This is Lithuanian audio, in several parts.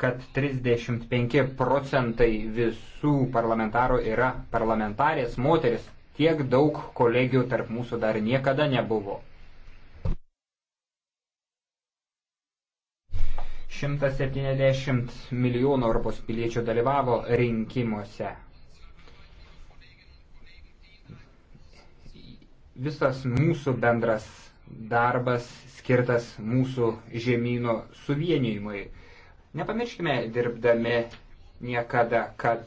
kad 35 procentai visų parlamentarų yra parlamentarės moteris. Tiek daug kolegijų tarp mūsų dar niekada nebuvo. 170 milijonų Europos piliečių dalyvavo rinkimuose. Visas mūsų bendras darbas skirtas mūsų žemynų suvienijimui. Nepamirškime dirbdami niekada, kad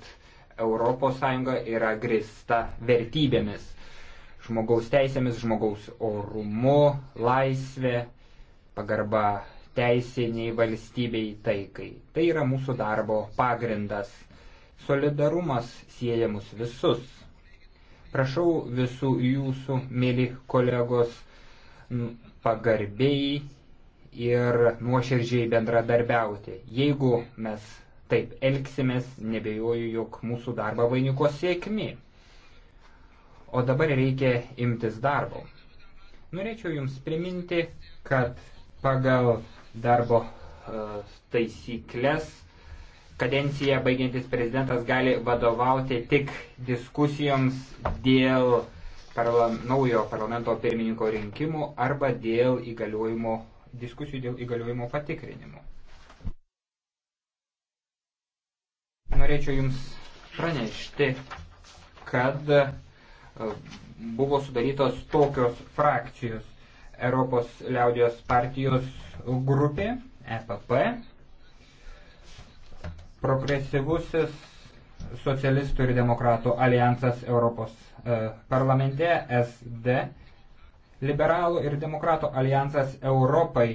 ES yra grista vertybėmis - žmogaus teisėmis, žmogaus orumu, laisvė, pagarba teisiniai valstybei taikai. Tai yra mūsų darbo pagrindas. Solidarumas sieja mus visus. Prašau visų jūsų, mėly kolegos, pagarbiai ir nuoširdžiai bendradarbiauti. Jeigu mes taip elgsimės, nebejoju, jog mūsų darbą vainiko sėkmi. O dabar reikia imtis darbo. Norėčiau Jums priminti, kad pagal darbo e, taisyklės kadenciją baigiantis prezidentas gali vadovauti tik diskusijoms dėl parla, naujo parlamento pirmininko rinkimų arba dėl įgaliojimo diskusijų dėl įgaliojimo patikrinimo. Norėčiau Jums pranešti, kad e, buvo sudarytos tokios frakcijos Europos liaudijos partijos grupė, EPP, progresyvusis socialistų ir demokratų alijansas Europos e, parlamente, SD, Liberalų ir demokratų alijansas Europai